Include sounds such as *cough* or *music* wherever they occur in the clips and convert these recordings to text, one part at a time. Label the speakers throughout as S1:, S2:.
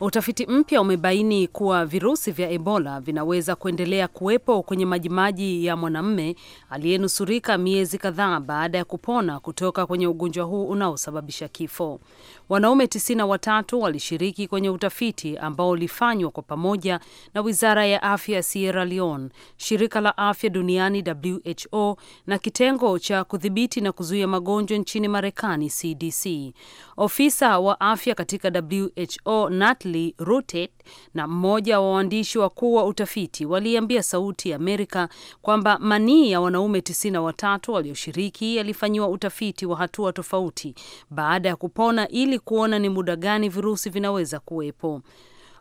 S1: Utafiti mpya umebaini kuwa virusi vya Ebola vinaweza kuendelea kuwepo kwenye majimaji ya mwanamume aliyenusurika miezi kadhaa baada ya kupona kutoka kwenye ugonjwa huu unaosababisha kifo. Wanaume 93 walishiriki kwenye utafiti ambao ulifanywa kwa pamoja na Wizara ya Afya ya Sierra Leone, Shirika la Afya Duniani WHO na kitengo cha kudhibiti na kuzuia magonjwa nchini Marekani CDC. Ofisa wa afya katika WHO Natalie Rutet na mmoja wa waandishi wakuu wa utafiti waliambia Sauti ya Amerika kwamba manii ya wanaume 93 walioshiriki yalifanyiwa utafiti wa hatua tofauti baada ya kupona ili ili kuona ni muda gani virusi vinaweza kuwepo.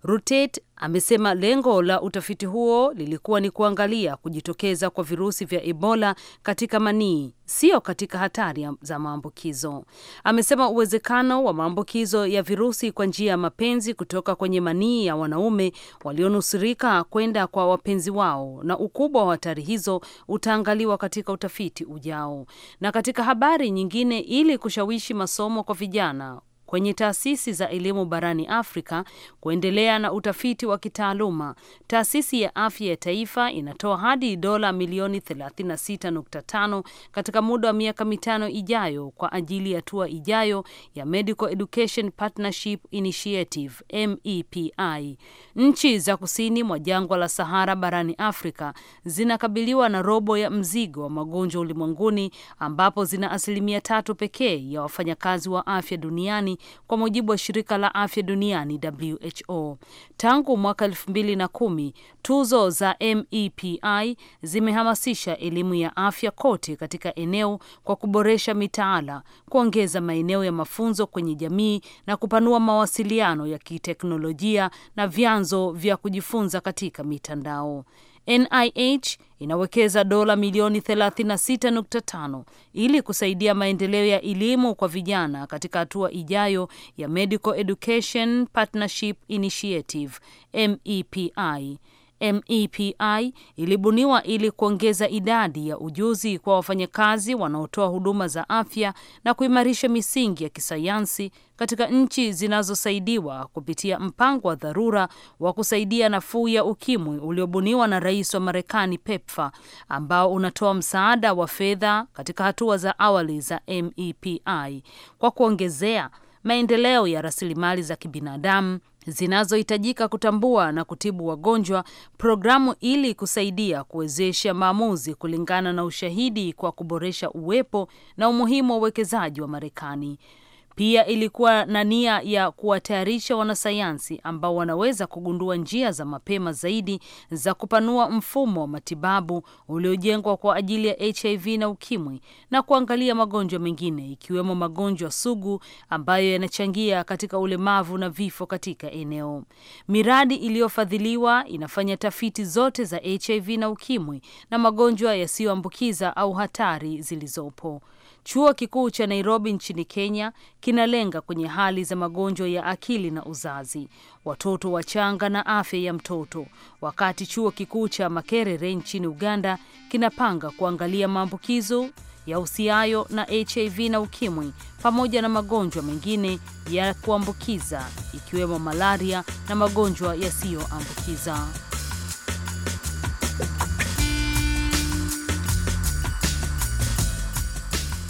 S1: Rutet amesema lengo la utafiti huo lilikuwa ni kuangalia kujitokeza kwa virusi vya Ebola katika manii, sio katika hatari za maambukizo. Amesema uwezekano wa maambukizo ya virusi kwa njia ya mapenzi kutoka kwenye manii ya wanaume walionusurika kwenda kwa wapenzi wao na ukubwa wa hatari hizo utaangaliwa katika utafiti ujao. Na katika habari nyingine, ili kushawishi masomo kwa vijana kwenye taasisi za elimu barani Afrika kuendelea na utafiti wa kitaaluma. Taasisi ya Afya ya Taifa inatoa hadi dola milioni 36.5 katika muda wa miaka mitano ijayo kwa ajili ya hatua ijayo ya Medical Education Partnership Initiative MEPI. Nchi za kusini mwa jangwa la Sahara barani Afrika zinakabiliwa na robo ya mzigo wa magonjwa ulimwenguni ambapo zina asilimia tatu pekee ya wafanyakazi wa afya duniani kwa mujibu wa shirika la afya duniani WHO. Tangu mwaka kumi tuzo za MEPI zimehamasisha elimu ya afya kote katika eneo kwa kuboresha mitaala, kuongeza maeneo ya mafunzo kwenye jamii na kupanua mawasiliano ya kiteknolojia na vyanzo vya kujifunza katika mitandao. NIH inawekeza dola milioni 36.5 ili kusaidia maendeleo ya elimu kwa vijana katika hatua ijayo ya Medical Education Partnership Initiative MEPI. MEPI ilibuniwa ili kuongeza idadi ya ujuzi kwa wafanyakazi wanaotoa huduma za afya na kuimarisha misingi ya kisayansi katika nchi zinazosaidiwa kupitia mpango wa dharura wa kusaidia nafuu ya ukimwi uliobuniwa na Rais wa Marekani PEPFAR ambao unatoa msaada wa fedha katika hatua za awali za MEPI kwa kuongezea maendeleo ya rasilimali za kibinadamu zinazohitajika kutambua na kutibu wagonjwa, programu ili kusaidia kuwezesha maamuzi kulingana na ushahidi kwa kuboresha uwepo na umuhimu wa uwekezaji wa Marekani. Pia ilikuwa na nia ya kuwatayarisha wanasayansi ambao wanaweza kugundua njia za mapema zaidi za kupanua mfumo wa matibabu uliojengwa kwa ajili ya HIV na ukimwi na kuangalia magonjwa mengine ikiwemo magonjwa sugu ambayo yanachangia katika ulemavu na vifo katika eneo. Miradi iliyofadhiliwa inafanya tafiti zote za HIV na ukimwi na magonjwa yasiyoambukiza au hatari zilizopo. Chuo kikuu cha Nairobi nchini Kenya kinalenga kwenye hali za magonjwa ya akili na uzazi, watoto wachanga na afya ya mtoto, wakati chuo kikuu cha Makerere nchini Uganda kinapanga kuangalia maambukizo yahusiayo na HIV na ukimwi pamoja na magonjwa mengine ya kuambukiza ikiwemo malaria na magonjwa yasiyoambukiza.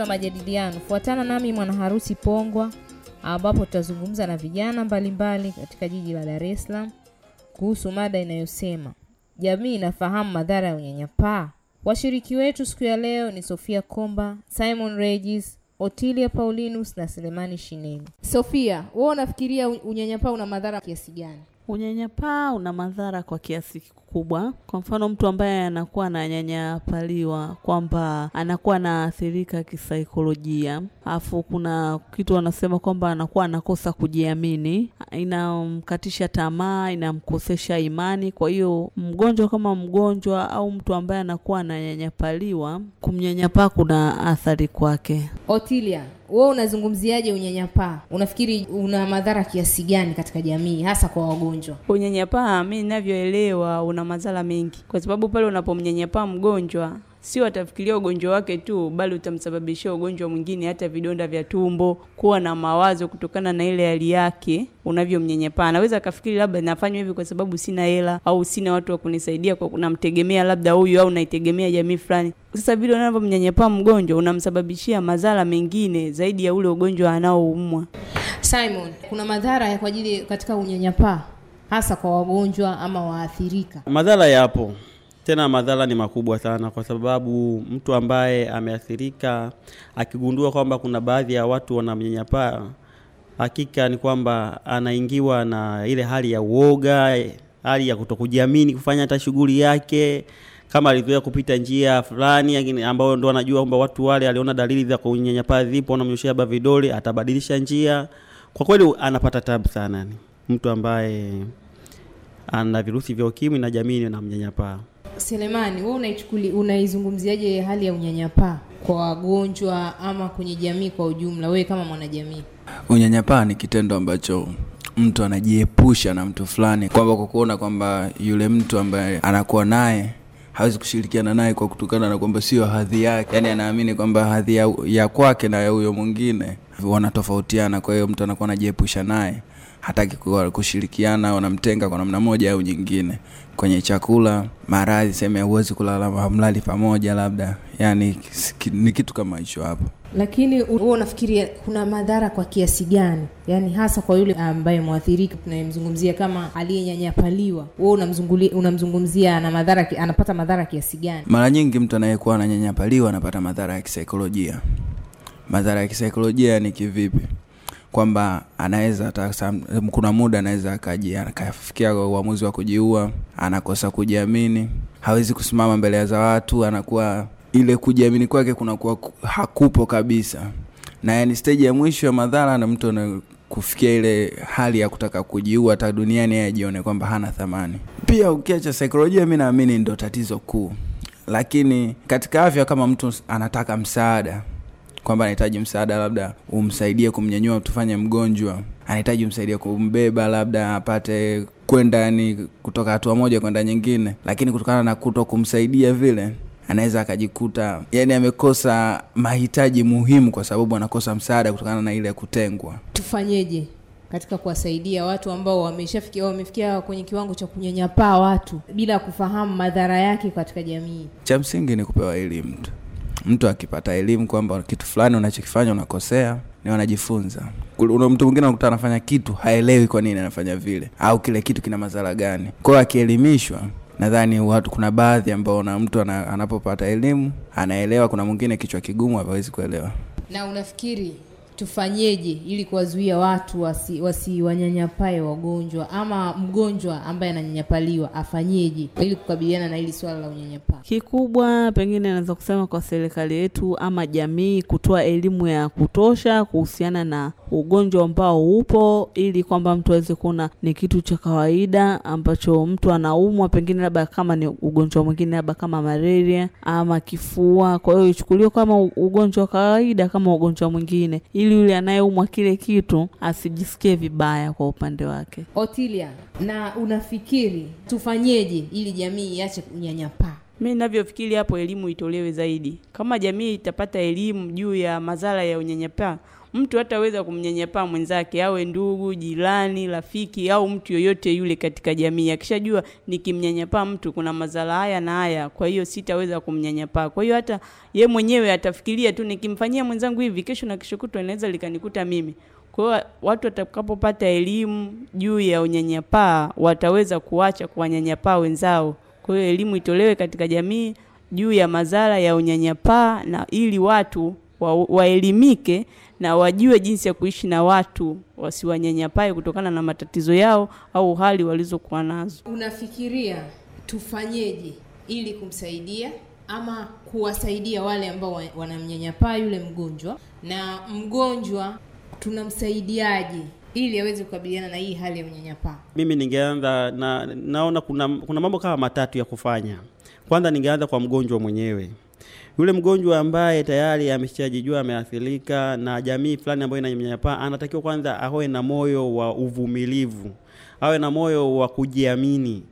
S2: wa majadiliano, fuatana nami mwana harusi Pongwa, ambapo tutazungumza na vijana mbalimbali mbali katika jiji la Dar es Salaam kuhusu mada inayosema jamii inafahamu madhara ya unyanyapaa. Washiriki wetu siku ya leo ni Sofia Komba, Simon Regis, Otilia Paulinus na Selemani Shineni. Sofia, wewe unafikiria unyanyapaa una madhara kiasi gani?
S3: Unyanyapaa una madhara kwa kiasi kikubwa. Kwa mfano, mtu ambaye anakuwa ananyanyapaliwa kwamba anakuwa anaathirika kisaikolojia, alafu kuna kitu wanasema kwamba anakuwa anakosa kujiamini, inamkatisha tamaa, inamkosesha imani. Kwa hiyo mgonjwa kama mgonjwa au mtu ambaye anakuwa ananyanyapaliwa, kumnyanyapaa kuna athari kwake.
S2: Otilia wewe unazungumziaje unyanyapaa? Unafikiri una madhara kiasi gani katika jamii, hasa kwa wagonjwa?
S4: Unyanyapaa, mi ninavyoelewa, una madhara mengi, kwa sababu pale unapomnyanyapaa mgonjwa sio atafikiria ugonjwa wake tu, bali utamsababishia ugonjwa mwingine, hata vidonda vya tumbo, kuwa na mawazo kutokana na ile hali yake unavyomnyanyapaa. Anaweza akafikiri labda nafanywa hivi kwa sababu sina hela au sina watu wa kunisaidia, kwa namtegemea labda huyu au naitegemea jamii fulani. Sasa vile unavyomnyanyapaa mgonjwa, unamsababishia madhara mengine zaidi ya ule ugonjwa anaoumwa. Simon,
S2: kuna madhara kwa ajili katika unyanyapaa hasa kwa wagonjwa ama waathirika?
S5: Madhara yapo tena madhara ni makubwa sana, kwa sababu mtu ambaye ameathirika akigundua kwamba kuna baadhi ya watu wanamnyanyapaa, hakika ni kwamba anaingiwa na ile hali ya uoga, hali ya kutokujiamini kufanya hata shughuli yake kama alizoea kupita njia fulani ambayo ndo anajua kwamba watu wale aliona dalili za kunyanyapaa zipo, anamnyoshea ba vidole, atabadilisha njia. Kwa kweli anapata tabu sana, ni mtu ambaye ana virusi vya ukimwi na jamii na mnyanyapaa.
S2: Selemani, wewe unaichukuli unaizungumziaje hali ya unyanyapaa kwa wagonjwa ama kwenye jamii kwa ujumla, wewe kama mwanajamii?
S5: Unyanyapaa ni
S6: kitendo ambacho mtu anajiepusha na mtu fulani, kwamba kwa kuona kwamba yule mtu ambaye anakuwa naye hawezi kushirikiana naye kwa kutokana na kwamba sio hadhi yake, yaani anaamini kwamba hadhi ya, ya kwake na ya huyo mwingine wanatofautiana. Kwa hiyo mtu anakuwa anajiepusha naye, hataki kushirikiana, wanamtenga kwa namna moja au nyingine kwenye chakula maradhi seme huwezi kulala hamlali pamoja labda yani ni kitu kama hicho hapo
S2: lakini huo unafikiria kuna madhara kwa kiasi gani yani hasa kwa yule ambaye mwathirika tunayemzungumzia kama aliyenyanyapaliwa huo unamzungumzia ana madhara anapata madhara kiasi gani
S6: mara nyingi mtu anayekuwa ananyanyapaliwa anapata madhara ya kisaikolojia madhara ya kisaikolojia ni kivipi kwamba anaweza hata kuna muda anaweza akafikia uamuzi wa kujiua anakosa kujiamini hawezi kusimama mbele za watu anakuwa ile kujiamini kwake kunakuwa hakupo kabisa na ni steji ya mwisho ya madhara na mtu kufikia ile hali ya kutaka kujiua hata duniani ajione kwamba hana thamani pia ukiacha saikolojia mi naamini ndo tatizo kuu lakini katika afya kama mtu anataka msaada kwamba anahitaji msaada, labda umsaidie kumnyanyua, tufanye mgonjwa anahitaji msaidia kumbeba, labda apate kwenda, yani kutoka hatua moja kwenda nyingine, lakini kutokana na kuto kumsaidia vile anaweza akajikuta yani amekosa mahitaji muhimu, kwa sababu anakosa msaada kutokana na ile kutengwa.
S2: Tufanyeje katika kuwasaidia watu ambao wameshafikia wamefikia kwenye kiwango cha kunyanyapaa watu bila kufahamu madhara yake katika jamii?
S6: Cha msingi ni kupewa elimu tu mtu akipata elimu kwamba kitu fulani unachokifanya unakosea ni wanajifunza mtu mwingine anakuta anafanya kitu haelewi kwa nini anafanya vile au kile kitu kina madhara gani kwa hiyo akielimishwa nadhani watu kuna baadhi ambao na mtu anapopata elimu anaelewa kuna mwingine kichwa kigumu hawezi kuelewa
S2: na unafikiri tufanyeje ili kuwazuia watu wasiwanyanyapae wasi wagonjwa ama mgonjwa ambaye ananyanyapaliwa afanyeje ili kukabiliana na hili swala la unyanyapaa?
S3: Kikubwa pengine naweza kusema kwa serikali yetu ama jamii kutoa elimu ya kutosha kuhusiana na ugonjwa ambao upo, ili kwamba mtu aweze kuona ni kitu cha kawaida ambacho mtu anaumwa, pengine labda kama ni ugonjwa mwingine, labda kama malaria ama kifua. Kwa hiyo ichukuliwe kama ugonjwa wa kawaida kama ugonjwa mwingine ili ili yule anayeumwa kile kitu asijisikie vibaya kwa upande wake.
S2: Otilia, na unafikiri tufanyeje ili jamii iache kunyanyapaa?
S4: Mi ninavyofikiri hapo, elimu itolewe zaidi. Kama jamii itapata elimu juu ya madhara ya unyanyapaa mtu hataweza kumnyanyapaa mwenzake, awe ndugu, jirani, rafiki au mtu yoyote yule katika jamii. Akishajua nikimnyanyapaa mtu kuna madhara haya na haya, kwa hiyo sitaweza kumnyanyapaa. Kwa hiyo hata ye mwenyewe atafikiria tu, nikimfanyia mwenzangu hivi, kesho na kesho kutwa inaweza likanikuta mimi. Kwa hiyo watu watakapopata elimu juu ya unyanyapaa, wataweza kuacha kuwanyanyapaa wenzao. Kwa hiyo elimu itolewe katika jamii juu ya madhara ya unyanyapaa na ili watu waelimike wa na wajue jinsi ya kuishi na watu, wasiwanyanyapae kutokana na matatizo yao au hali walizokuwa nazo.
S2: Unafikiria tufanyeje ili kumsaidia ama kuwasaidia wale ambao wanamnyanyapaa yule mgonjwa, na mgonjwa tunamsaidiaje ili aweze kukabiliana na hii hali ya unyanyapaa?
S5: Mimi ningeanza na naona kuna, kuna mambo kama matatu ya kufanya. Kwanza ningeanza kwa mgonjwa mwenyewe yule mgonjwa ambaye tayari ameshajijua ameathirika na jamii fulani ambayo inamnyanyapaa, anatakiwa kwanza awe na moyo wa uvumilivu, awe na moyo wa kujiamini,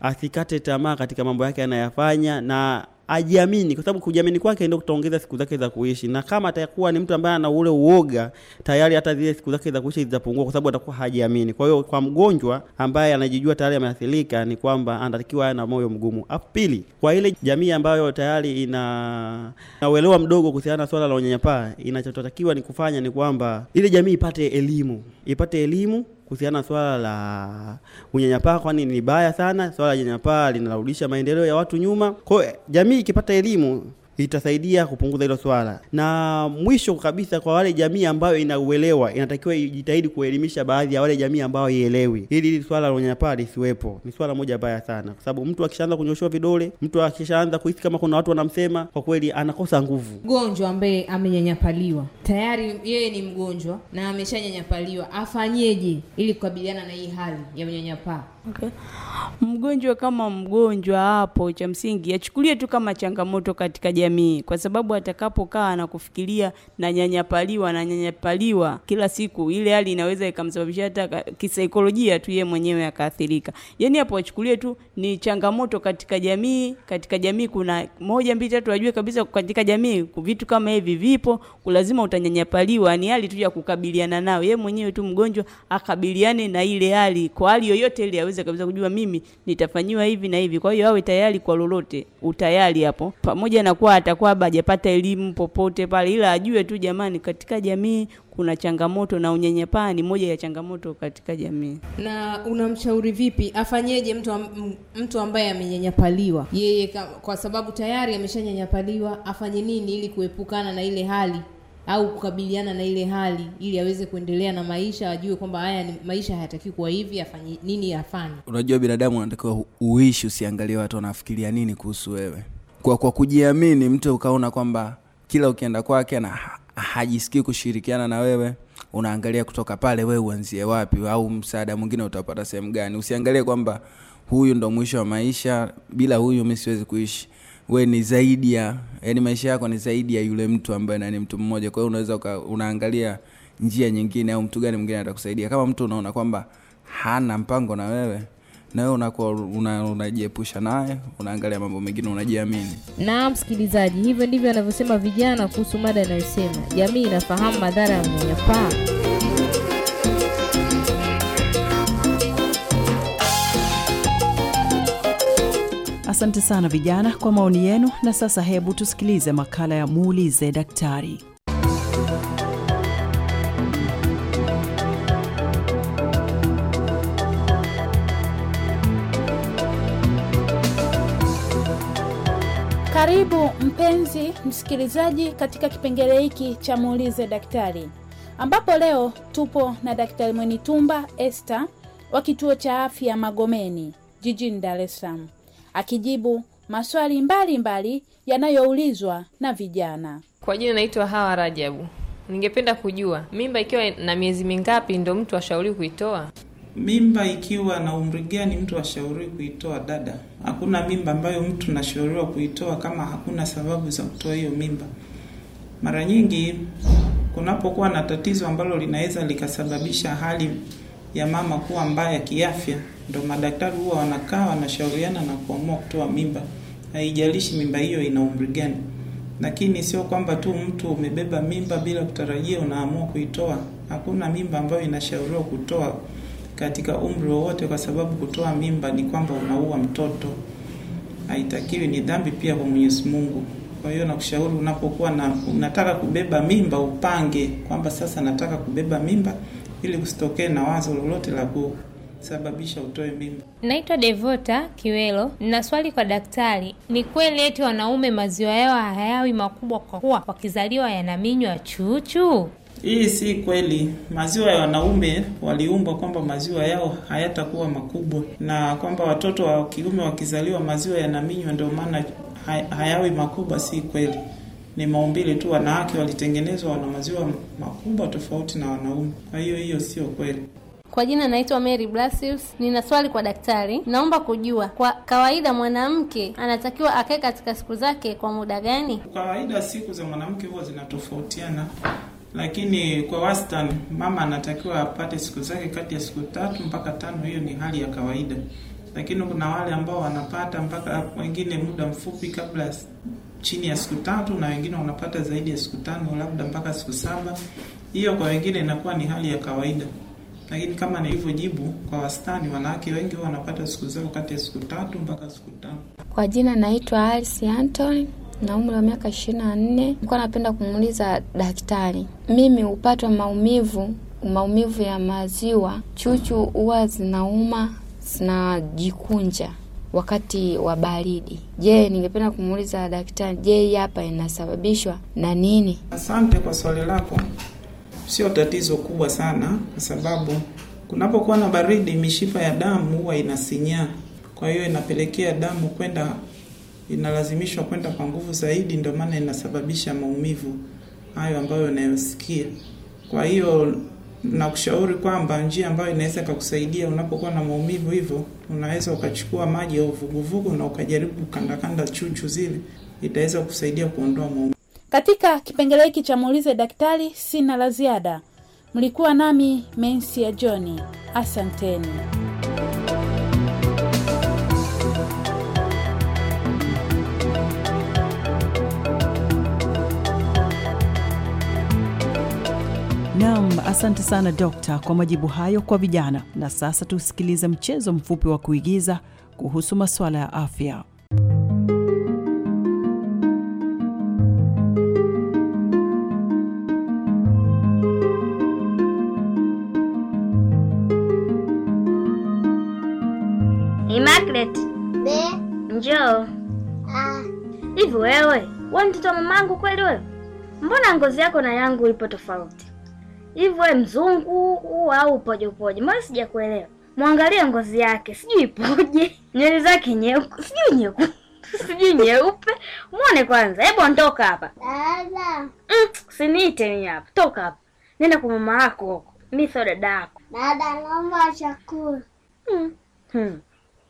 S5: asikate tamaa katika mambo yake anayafanya na ajiamini, kwa sababu kujiamini kwake ndio kutaongeza siku zake za kuishi, na kama atakuwa ni mtu ambaye ana ule uoga tayari, hata zile siku zake za kuishi zitapungua, kwa sababu atakuwa hajiamini. Kwa hiyo, kwa mgonjwa ambaye anajijua tayari ameathirika, ni kwamba anatakiwa na moyo mgumu. Pili, kwa ile jamii ambayo tayari ina na mdogo kuhusiana na swala la unyanyapaa, inachotakiwa ni kufanya ni kwamba ile jamii ipate elimu, ipate elimu kuhusiana swala la unyanyapaa, kwani ni baya sana. Swala la unyanyapaa linarudisha maendeleo ya watu nyuma. Kwa hiyo jamii ikipata elimu itasaidia kupunguza hilo swala. Na mwisho kabisa, kwa wale jamii ambayo inauelewa, inatakiwa ijitahidi kuelimisha baadhi ya wale jamii ambao ielewi, ili hili swala la unyanyapaa lisiwepo. Ni swala moja baya sana, kwa sababu mtu akishaanza kunyoshewa vidole, mtu akishaanza kuhisi kama kuna watu wanamsema, kwa kweli anakosa nguvu. Mgonjwa
S2: ambaye amenyanyapaliwa tayari, yeye ni mgonjwa na ameshanyanyapaliwa, afanyeje ili kukabiliana na hii hali ya unyanyapaa? Okay.
S4: Mgonjwa kama mgonjwa hapo, cha msingi achukulie tu kama changamoto katika jamii, kwa sababu atakapokaa na kufikiria na nyanyapaliwa na nyanyapaliwa kila siku, ile hali inaweza ikamsababisha hata kisaikolojia tu yeye mwenyewe akaathirika. yani hapo achukulie tu ni changamoto katika jamii. Katika jamii kuna moja, mbili, tatu, ajue kabisa katika jamii vitu kama hivi vipo, lazima utanyanyapaliwa. Ni hali tu ya kukabiliana nayo, yeye mwenyewe tu mgonjwa akabiliane na ile hali kwa hali yoyote ile kabisa kabisa kujua mimi nitafanyiwa hivi na hivi. Kwa hiyo awe tayari kwa lolote, utayari hapo, pamoja na kuwa atakuwa hajapata elimu popote pale, ila ajue tu, jamani, katika jamii kuna changamoto na unyanyapaa ni moja ya changamoto katika jamii.
S2: Na unamshauri vipi afanyeje mtu am, mtu ambaye amenyanyapaliwa yeye, kwa sababu tayari ameshanyanyapaliwa, afanye nini ili kuepukana na ile hali au kukabiliana na ile hali ili aweze kuendelea na maisha, ajue kwamba haya ni maisha, hayatakiwi kuwa hivi, afanye nini, afanye.
S6: Unajua, binadamu anatakiwa uishi, usiangalie watu wanafikiria nini kuhusu wewe. Kwa kwa kujiamini, mtu ukaona kwamba kila ukienda kwake na hajisikii kushirikiana na wewe, unaangalia kutoka pale wewe uanzie wapi, au msaada mwingine utapata sehemu gani. Usiangalie kwamba huyu ndo mwisho wa maisha, bila huyu mi siwezi kuishi we ni zaidi ya yani maisha yako ni zaidi ya yule mtu ambaye nani mtu mmoja kwa hiyo unaweza unaangalia njia nyingine au mtu gani mwingine atakusaidia kama mtu unaona kwamba hana mpango na wewe na wewe unakuwa unajiepusha una naye unaangalia mambo mengine unajiamini
S2: na msikilizaji hivyo ndivyo anavyosema vijana kuhusu mada inayosema jamii inafahamu madhara ya unyanyapaa
S7: Asante sana vijana kwa maoni yenu. Na sasa hebu tusikilize makala ya muulize daktari.
S1: Karibu mpenzi msikilizaji katika kipengele hiki cha muulize daktari, ambapo leo tupo na Daktari Mwenitumba este wa kituo cha afya Magomeni jijini Dar es Salaam akijibu maswali mbalimbali yanayoulizwa na vijana. Kwa
S2: jina naitwa Hawa Rajabu. Ningependa kujua mimba ikiwa na miezi mingapi ndo mtu ashauri kuitoa?
S8: Mimba ikiwa na umri gani mtu ashauriwi kuitoa? Dada, hakuna mimba ambayo mtu nashauriwa kuitoa kama hakuna sababu za kutoa hiyo mimba. Mara nyingi kunapokuwa na tatizo ambalo linaweza likasababisha hali ya mama kuwa mbaya kiafya, ndo madaktari huwa wanakaa wanashauriana na kuamua kutoa mimba, haijalishi mimba hiyo ina umri gani. Lakini sio kwamba tu mtu umebeba mimba bila kutarajia unaamua kuitoa. Hakuna mimba ambayo inashauriwa kutoa katika umri wowote, kwa sababu kutoa mimba ni kwamba unaua mtoto, haitakiwi. Ni dhambi pia kwa Mwenyezi Mungu. Kwa hiyo nakushauri unapokuwa na unataka kubeba mimba, upange kwamba sasa nataka kubeba mimba ili kusitokee na wazo lolote la kusababisha utoe mimba.
S1: Naitwa Devota Kiwelo na swali kwa daktari, ni kweli eti wanaume maziwa yao hayawi makubwa kwa kuwa wakizaliwa yanaminywa chuchu?
S8: Hii si kweli. Maziwa ya wanaume waliumbwa kwamba maziwa yao hayatakuwa makubwa, na kwamba watoto wa kiume wakizaliwa maziwa yanaminywa, ndio maana hayawi makubwa, si kweli ni maumbile tu, wanawake walitengenezwa wana maziwa makubwa tofauti na wanaume. Kwa hiyo hiyo sio kweli.
S2: Kwa jina naitwa Mary Blasius. Nina swali kwa daktari, naomba kujua kwa kawaida mwanamke anatakiwa akae katika siku zake kwa muda gani?
S8: Kwa kawaida siku za mwanamke huwa zinatofautiana, lakini kwa wastani mama anatakiwa apate siku zake kati ya siku tatu mpaka tano. Hiyo ni hali ya kawaida, lakini kuna wale ambao wanapata mpaka wengine muda mfupi kabla chini ya siku tatu na wengine wanapata zaidi ya siku tano labda mpaka siku saba. Hiyo kwa wengine inakuwa ni hali ya kawaida, lakini kama nilivyojibu, kwa wastani wanawake wengi wanapata siku zao kati ya siku tatu mpaka siku tano.
S2: Kwa jina naitwa Alice Anton na umri wa miaka ishirini na nne. Nilikuwa napenda kumuuliza daktari, mimi hupatwa maumivu maumivu ya maziwa, chuchu huwa zinauma zinajikunja wakati wa baridi. Je, ningependa kumuuliza daktari, je, hii hapa inasababishwa na nini?
S8: Asante kwa swali lako. Sio tatizo kubwa sana, kwa sababu kunapokuwa na baridi, mishipa ya damu huwa inasinyaa, kwa hiyo inapelekea damu kwenda, inalazimishwa kwenda kwa nguvu zaidi, ndio maana inasababisha maumivu hayo ambayo unayosikia. Kwa hiyo na kushauri kwamba njia ambayo inaweza kukusaidia unapokuwa na maumivu hivyo, unaweza ukachukua maji ya uvuguvugu na ukajaribu kandakanda chuchu zile, itaweza kusaidia kuondoa maumivu.
S1: Katika kipengele hiki cha muulize daktari, sina la ziada. Mlikuwa nami Mensi ya Johni, asanteni.
S7: Nam, asante sana dokta kwa majibu hayo kwa vijana. Na sasa tusikilize mchezo mfupi wa kuigiza kuhusu masuala ya afya.
S9: njoo. Ah. Hivi wewe, we mtoto wa mamangu kweli? Wewe mbona ngozi yako na yangu ipo tofauti? hivyo wewe mzungu au upoje upoje? Mbona sijakuelewa. Mwangalie ngozi yake, sijui ipoje, *laughs* nywele zake nyeupe, sijui nyeupe, *laughs* sijui nyeupe. Muone kwanza, hebu ondoka hapa
S3: dada. Mm,
S9: usiniite mimi hapa, toka hapa, nenda kwa mama yako huko, mimi sio dada yako. Dada, naomba chakula. Mm. Hmm.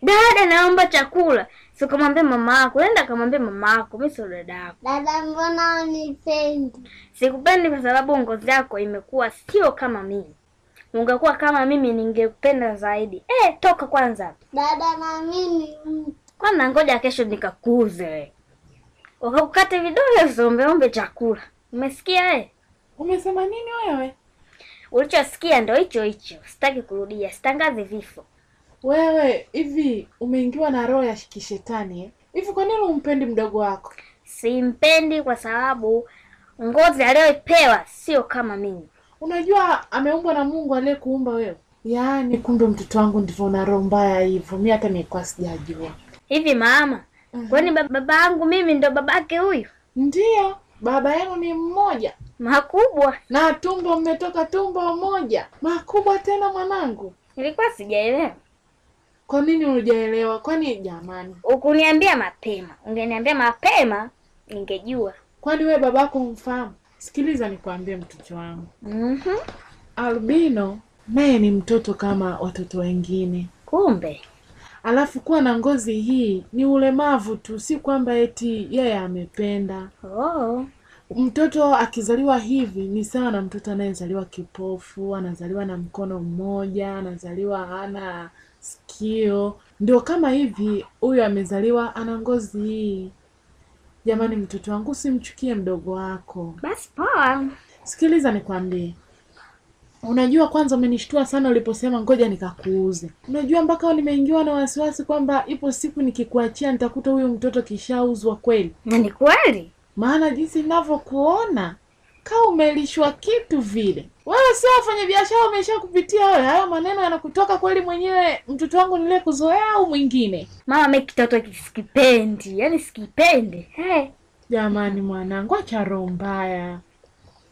S9: Dada, naomba chakula. So kamwambia mama yako, yaani nenda kamwambia mama yako, mimi sio dada yako. Dada, mbona unipendi? Sikupendi kwa sababu ngozi yako imekuwa sio kama mimi. Ungekuwa kama mimi ningependa zaidi. Eh, toka kwanza. Dada, na mimi kwanza, ngoja kesho nikakuuze. Wakakukate vidole usiombeombe chakula. Umesikia eh? Umesema nini wewe? Ulichosikia ndio hicho hicho. Sitaki kurudia, sitangaze vifo.
S10: Wewe hivi umeingiwa na roho ya kishetani Hivi kwa nini umpendi mdogo wako? Simpendi kwa sababu ngozi aliyopewa sio kama mimi. Unajua ameumbwa na Mungu aliyekuumba wewe. Yaani kumbe mtoto wangu ndivyo na roho mbaya hivyo. Mimi hata nilikuwa sijajua. Hivi mama, uh-huh. Kwani baba yangu mimi ndo babake huyu? Ndiyo, baba yenu ni mmoja. Makubwa. Na tumbo mmetoka tumbo moja. Makubwa tena mwanangu. ilikuwa sijaelewa. Kwa nini hujaelewa? Kwani jamani,
S9: ukuniambia mapema, ungeniambia mapema ningejua. Kwani we babako humfahamu?
S10: Sikiliza nikwambie, mtoto wangu mm -hmm. Albino naye ni mtoto kama watoto wengine. Kumbe alafu kuwa na ngozi hii ni ulemavu tu, si kwamba eti yeye amependa. Oh. Mtoto akizaliwa hivi ni sawa na mtoto anayezaliwa kipofu, anazaliwa na mkono mmoja, anazaliwa hana sikio, ndio kama hivi. Huyu amezaliwa ana ngozi hii. Jamani, mtoto wangu, simchukie mdogo wako. Basi poa. Sikiliza nikwambie, unajua, kwanza umenishtua sana uliposema ngoja nikakuuze. Unajua, mpaka nimeingiwa na wasiwasi kwamba ipo siku nikikuachia nitakuta huyu mtoto kishauzwa kweli. Na ni kweli, maana jinsi ninavyokuona kaa umelishwa kitu vile. Wewe sio wafanya biashara, umesha kupitia wewe hayo maneno. Yanakutoka kweli mwenyewe, mtoto wangu nile kuzoea au mwingine? Mama mi kitoto sikipendi, yani sikipendi. Hey, jamani mwanangu, acha roho mbaya.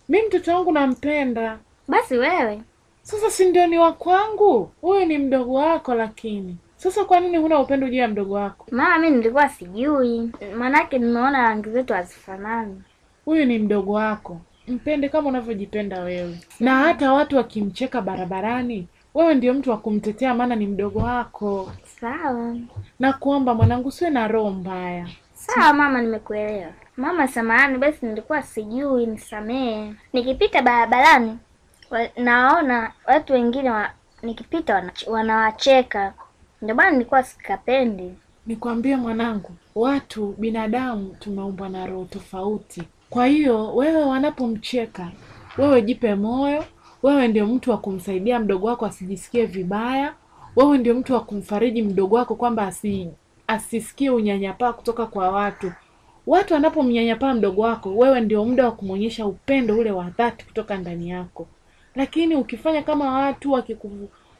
S10: Mi mtoto wangu nampenda. Basi wewe sasa, si ndio ni wa kwangu? Huyu ni mdogo wako, lakini sasa kwa nini huna upendo juu ya mdogo wako? Mama mi nilikuwa sijui, maanake nimeona rangi zetu hazifanani. Huyu ni mdogo wako, Mpende kama unavyojipenda wewe, na hata watu wakimcheka barabarani, wewe ndio mtu wa kumtetea, maana ni mdogo wako. Sawa, nakuomba mwanangu, siwe na roho mbaya. Sawa mama, nimekuelewa. Mama samahani, basi nilikuwa sijui,
S9: nisamehe. Nikipita barabarani naona watu wengine wa,
S10: nikipita wanawacheka, ndio maana nilikuwa sikapendi. Nikwambie mwanangu, watu binadamu tumeumbwa na roho tofauti kwa hiyo wewe, wanapomcheka wewe, jipe moyo. Wewe ndio mtu wa kumsaidia mdogo wako asijisikie vibaya. Wewe ndio mtu wa kumfariji mdogo wako kwamba asi, asisikie unyanyapaa kutoka kwa watu. Watu wanapomnyanyapaa mdogo wako, wewe ndio muda wa kumwonyesha upendo ule wa dhati kutoka ndani yako. Lakini ukifanya kama watu wakiku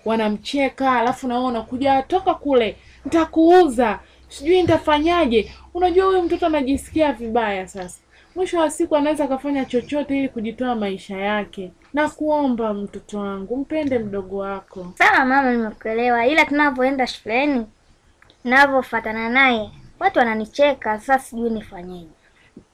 S10: wanamcheka alafu na wewe unakuja toka kule, nitakuuza, sijui nitafanyaje, unajua huyu mtoto anajisikia vibaya sasa mwisho wa siku anaweza akafanya chochote ili kujitoa maisha yake. Na kuomba mtoto wangu, mpende mdogo wako.
S9: Sawa mama, nimekuelewa, ila tunavyoenda shuleni, navyofatana naye
S10: watu wananicheka. Sasa sijui nifanyeje.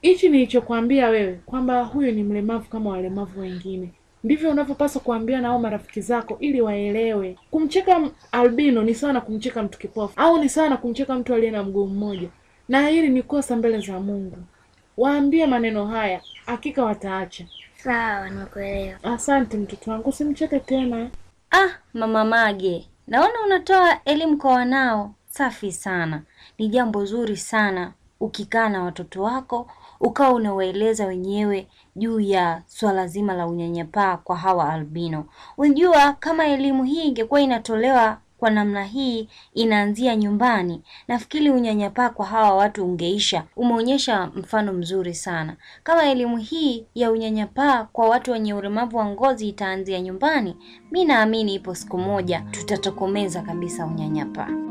S10: Hichi nilichokwambia wewe kwamba huyu ni mlemavu kama walemavu wengine, ndivyo unavyopaswa kuambia nao marafiki zako ili waelewe. Kumcheka albino ni sawa na kumcheka mtu kipofu au ni sawa na kumcheka mtu aliye na mguu mmoja, na hili ni kosa mbele za Mungu waambie maneno haya, hakika wataacha. Sawa, nakuelewa. Asante mtoto wangu, simcheke tena. Ah,
S9: mama Mage, naona unatoa elimu kwa wanao. Safi sana, ni jambo zuri sana ukikaa na watoto wako ukawa unawaeleza wenyewe juu ya swala zima la unyanyapaa kwa hawa albino. Unajua, kama elimu hii ingekuwa inatolewa kwa namna hii inaanzia nyumbani. Nafikiri unyanyapaa kwa hawa watu ungeisha. Umeonyesha mfano mzuri sana. Kama elimu hii ya unyanyapaa kwa watu wenye ulemavu wa ngozi itaanzia nyumbani, mi naamini ipo siku moja tutatokomeza kabisa unyanyapaa.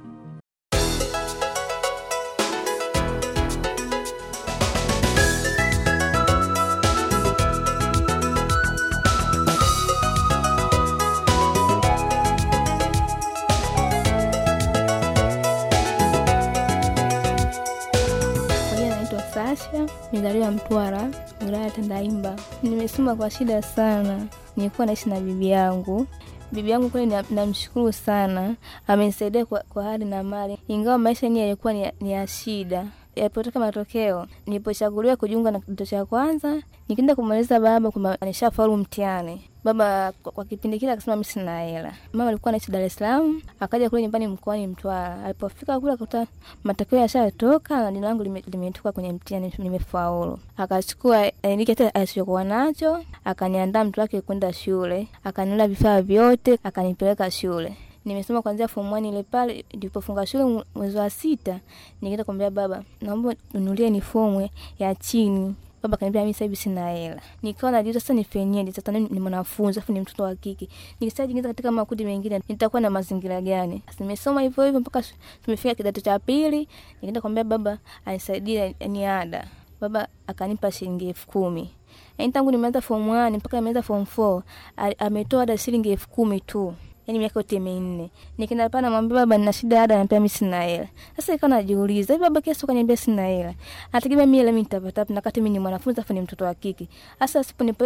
S11: Tandaimba. Nimesoma kwa shida sana, nilikuwa naishi na bibi yangu bibi yangu kweli namshukuru sana, amenisaidia kwa, kwa hali na mali, ingawa maisha yenyewe yalikuwa ni ya shida. yapotoka matokeo, nilipochaguliwa kujiunga na kidato cha kwanza, nikienda kumaliza baba kwamba nishafaulu mtiani Baba kwa, kwa kipindi kile akasema mimi sina hela. Mama alikuwa anaishi Dar es Salaam, akaja kule nyumbani mkoani Mtwara. Alipofika kule akakuta matokeo yashatoka na jina langu limetoka kwenye mtihani, nimefaulu. Akachukua nikete eh, asiyokuwa nacho, akaniandaa mtu wake kwenda shule, akaniona vifaa vyote, akanipeleka shule nimesoma kuanzia form 1 ile pale. Nilipofunga shule mwezi wa sita, nikaenda kumwambia baba, naomba ununulie ni fomu ya chini baba kaniambia mimi sasa hivi sina hela. Nikawa najiuliza sasa nifanyeje? Sasa ni mwanafunzi afu ni mtoto wa kike, nikisajiingiza katika makundi mengine nitakuwa na mazingira gani? Nimesoma hivyo hivyo mpaka tumefika kidato cha pili, nikaenda kumwambia baba anisaidie ni ada. Baba akanipa shilingi elfu kumi yaani tangu nimeanza form 1 mpaka nimeanza form 4 ametoa ada shilingi elfu kumi tu yani miaka yote minne. Nikaenda pale namwambia baba, nina shida ada, anambia mimi sina hela. Sasa nikawa najiuliza, hivi baba kesho kaniambia sina hela, anategemea mimi hela mimi nitapata na kati mimi ni mwanafunzi afu ni mtoto wa kike. Sasa asiponipa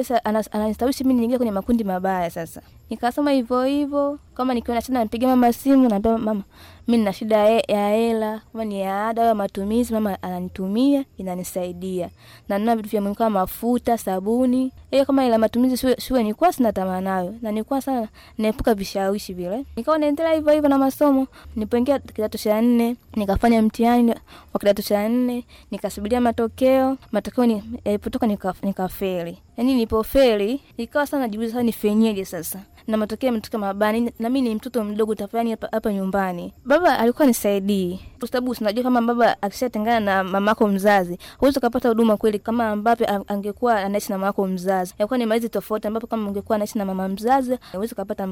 S11: ananishawishi mimi niingie kwenye makundi mabaya. Sasa nikasema hivyo hivyo, kama nikiona shida nampigia mama simu, naambia mama mi nina shida ya hela, kama ni ya ada au ya matumizi, mama ananitumia inanisaidia, na nina vitu vya muhimu kama mafuta, sabuni. Hiyo kama ila matumizi shule, shule nilikuwa sina tamaa nayo, na nilikuwa sana naepuka vishawishi vile, nikawa naendelea hivyo hivyo na masomo. Nilipoingia kidato cha nne nikafanya mtihani wa kidato cha nne nikasubiria matokeo, matokeo yalipotoka nikafeli. Yani nilipofeli ikawa sana najiuliza, sasa nifanyeje sasa na matokeo yametoka mabaya, na mimi ni mtoto mdogo, tafanya hapa hapa nyumbani. Baba alikuwa nisaidii kwa sababu unajua kama baba akishatengana na mamako mzazi huwezi kupata huduma kweli kama ambavyo angekuwa anaishi na mamako mzazi. Yakuwa ni malezi tofauti, ambapo kama ungekuwa anaishi na mama mzazi huwezi kupata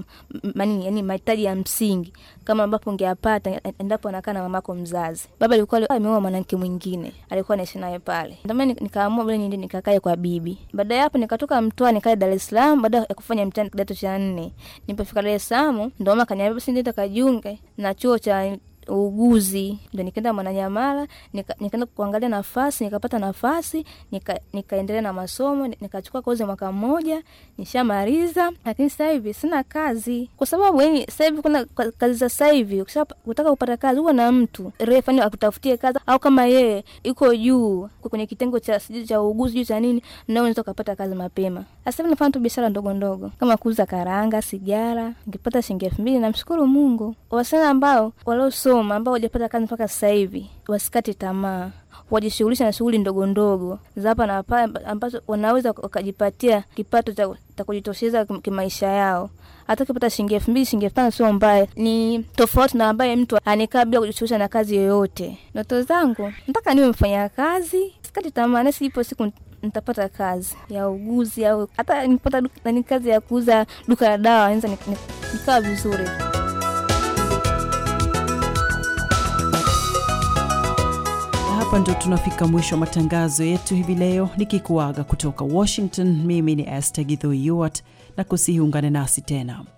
S11: mani, yani mahitaji ya msingi kama ambapo ungeyapata e-, endapo anakaa na mamako mzazi. Baba alikuwa ameoa mwanamke mwingine, alikuwa anaishi naye pale. Ndio maana nikaamua bado niende nikakae kwa bibi. Baada ya hapo nikatoka Mtwara nikae Dar es Salaam, baada ya kufanya mtihani kidato cha nne. Nilipofika Dar es Salaam, ndio mama kaniambia basi nenda kajiunge na chuo cha uuguzi. Ndo nikaenda Mwananyamala, nikaenda nika kuangalia nafasi, nikapata nafasi, nikaendelea nika na masomo, nikachukua kozi mwaka mmoja, nishamaliza. Lakini sasa hivi sina kazi, kwa sababu yani sasa hivi kuna kazi za sasa hivi, ukitaka kupata kazi huwa na mtu refa yaani, akutafutie kazi, au kama yeye iko juu kwenye kitengo cha sijui cha uuguzi juu cha nini, na unaweza ukapata kazi mapema. Sasa hivi nafanya tu biashara ndogo ndogo kama kuuza karanga, sigara, nikipata shilingi elfu mbili namshukuru Mungu. Wasana ambao walio waliosoma ambao wajapata kazi mpaka sasa hivi wasikate tamaa, wajishughulisha na shughuli ndogo ndogo za hapa na pale ambazo wanaweza wakajipatia kipato cha kujitosheleza kimaisha yao. Hata ukipata shilingi elfu mbili shilingi elfu tano sio mbaya, ni tofauti na ambaye mtu anekaa bila kujishughulisha na kazi yoyote. Ndoto zangu nataka niwe mfanya kazi, sikati tamaa, nasi ipo siku nitapata kazi ya uguzi au hata nikipata kazi ya kuuza duka la dawa, nikawa vizuri.
S7: hapa ndio tunafika mwisho wa matangazo yetu hivi leo, nikikuaga kutoka Washington. Mimi ni este Githo Yuart, na kusihi ungane nasi tena.